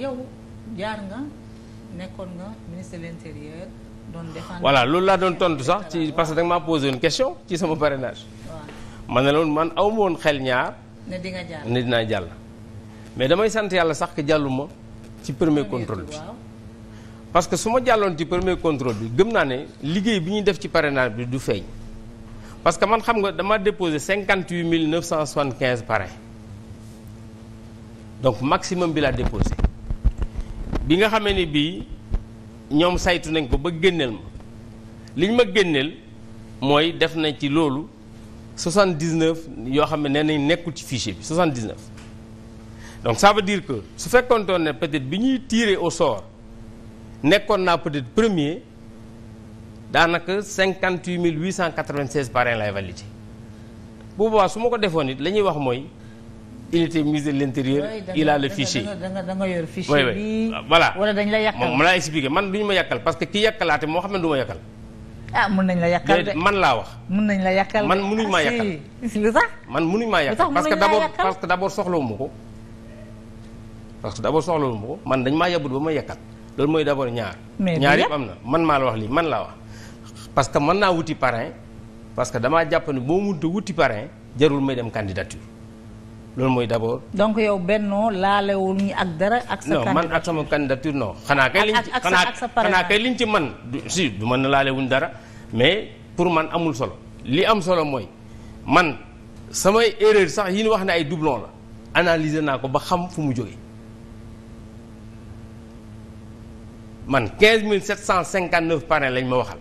yow jaar loolu laa doon tontu sax ci parce que da nga maa posé une question ci sama parrainage. waaw man ne loolu man aw woon xel ñaar. ne dinaa jàll. mais damay sant yàlla sax jàllu ma ci premier contrôle bi. parce que su ma jàlloon ci premier contrôle bi gëm naa ne liggéey bi ñuy def ci parrainage bi du feeñ. parce que man xam nga dama déposé cinquante huit mille neuf cent soixante quinze parrain donc maximum bi laa déposé bi nga xamee ni bii ñoom saytu nañ ko ba génneel ma liñ ma génneel mooy def nañ ci loolu 79 yoo xam ne nee nañ nekkul ci fichier bi 79 donc ça veut que su fekkoontoon ne peut-être bi ñuy tiré au sort nekkoon naa peut-être premier daanaka 58 896 parrain lay validé bu boobaa su ma ko defoon it la ñuy wax mooy. unité musée de l'intérieur il a le fichier oui ma ah, voilà moom laa expliqué man duñu ma yàkkal parce que ki yàkkalaate moo xam ne du ma yàkkal ah, man laa wax mun nañ la yàkkal man munuñ maa ah, yàkkal man munuñ maa yàkkal parce que d'abord parce que d'abord soxlawu ma ko parce que d'abord soxlawu ma ko man dañ maa yabut ba ma yàkkal loolu mooy d'abord ñaar ñaar yëpp am na man maa la wax lii man laa wax parce que man naa wuti parrain parce que damaa jàpp ne boo munta wuti parrain jarul may dem candidature loolu mooy d' abord. donc yow bennoo laalewul ñu ak dara. ak sa non man ak sama candidature non. xanaa kay liñ ci xanaa kay liñ ci man si du man laalewuñ dara mais pour man amul solo li am solo mooy man samay erreur sax yi ñu wax ne ay doublon la analyser naa ko ba xam fu mu jóge man 15 759 parrains lañ ma waxal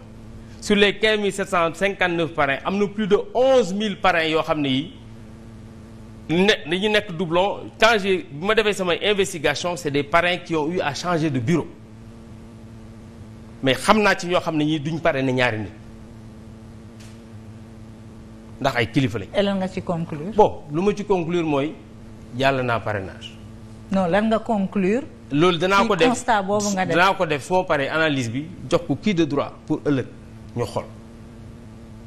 sur les 15 759 parrains am na plus de 11 mille parrains yoo xam ne yi. ne dañu nekk doublon quand j'ai bi ma defee samay investigation c'est des parrains qui ont eu à changer de bureau mais xam naa ci ñoo xam ne ñii duñ pare ne ñaari nit ndax ay kilifa lañ. lan nga ci conclure. bon lu ma ci conclure mooy jàll naa parrainage. non lan nga conclure. loolu danaa ko def constat boobu ko def su paree analyse bi jox ko kii de droit pour ëllëg ñu xool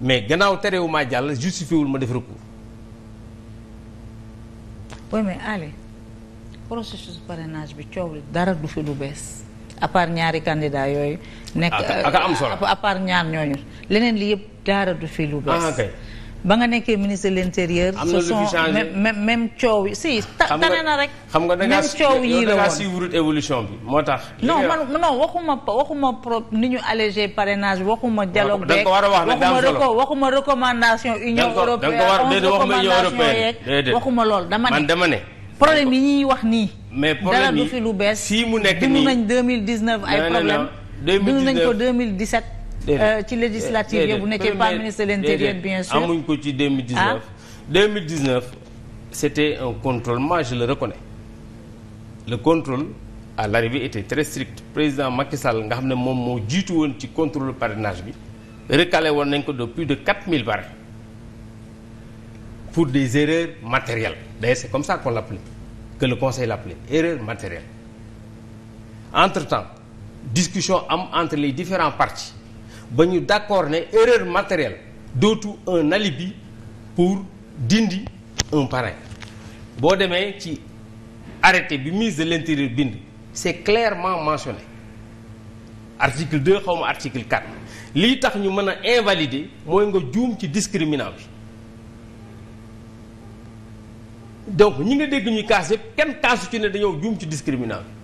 mais gannaaw terewumaa jàll justifié wul ma def recours. oui mais allez processus parrainage bi coow dara du fi lu bees apar ñaari candidat yooyu. nekk ah, ak am solo euh, à ñaar ñooñu leneen li yëpp dara du fi lu ah, bees. ba nga nekkee ministre de l'intérieur. am na lu fi changé même même même coow yi si. Ah, tane na rek xam nga da ngaa da ngaa suivre évolution bi moo tax. non man non waxuma waxuma pro ni ñu allégé parrainage waxuma. dialogue beeg waxuma reco waxuma recommandation. union européenne waxuma loolu dama ne. man dama ne. problème yi ñuy wax nii. mais problème yi dara du fi lu bees. fii mu nekk nii dund nañ 2019 ay problème dund nañ ko 2017. Euh, ci législative yi bu nekkee pas ministre de l'intérieur bien sûr amuñ ko ci 2019 2019 ah. c'était un contrôle moi je le reconnais le contrôle à l'arrivée était très strict président Macky Sall nga xam ne moom moo jiitu woon ci contrôle parrainage bi recalé woon nañ ko de plus de 4000 parrains pour des erreurs matérielles d'ailleurs c'est comme ça qu'on l'appelait que le conseil l'appelait erreur matérielle entre-temps discussion am entre les différents partis ba ñu d'accord ne erreur matérielle dootu un alibi pour dindi un parrain boo demee ci arrêté bi mise de l'intérieur bind c'est clairement mentionné article 2 xaw ma article 4 lii tax ñu mën a invalider mooy nga juum ci discriminant bi donc ñi nga dégg ñuy kaas yëpp kenn kaasu ci ne dañoo juum ci discriminant bi